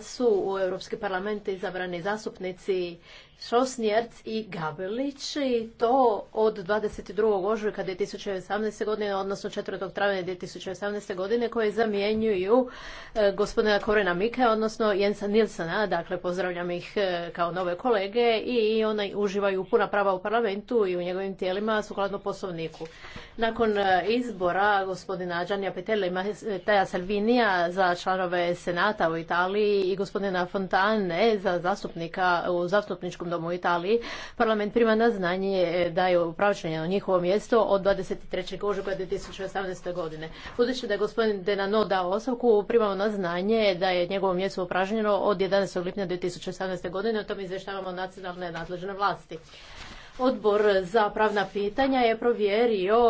su u Europski parlament izabrani zastupnici Šosnjerc i Gabelić i to od 22. ožujka 2018. godine, odnosno 4. travnja 2018. godine koje zamjenjuju e, gospodina Korena Mike, odnosno Jensa Nilsena. Dakle, pozdravljam ih e, kao nove kolege i oni uživaju puna prava u parlamentu i u njegovim tijelima sukladno poslovniku. Nakon e, izbora gospodina Đanja Petela i Taja Salvinija za članove Senata u Italiji i gospodina Fontane za zastupnika u zastupničkom domu u Italiji, parlament prima na znanje e, da je upravočenje na njihovo mjesto od 23. ožujka 2018. godine. Budući da je gospodin Denano dao ostavku, primao na znanje da je njegovo mjesto upražnjeno od 11. lipnja 2018. godine, o tom izvještavamo nacionalne nadležne vlasti. Odbor za pravna pitanja je provjerio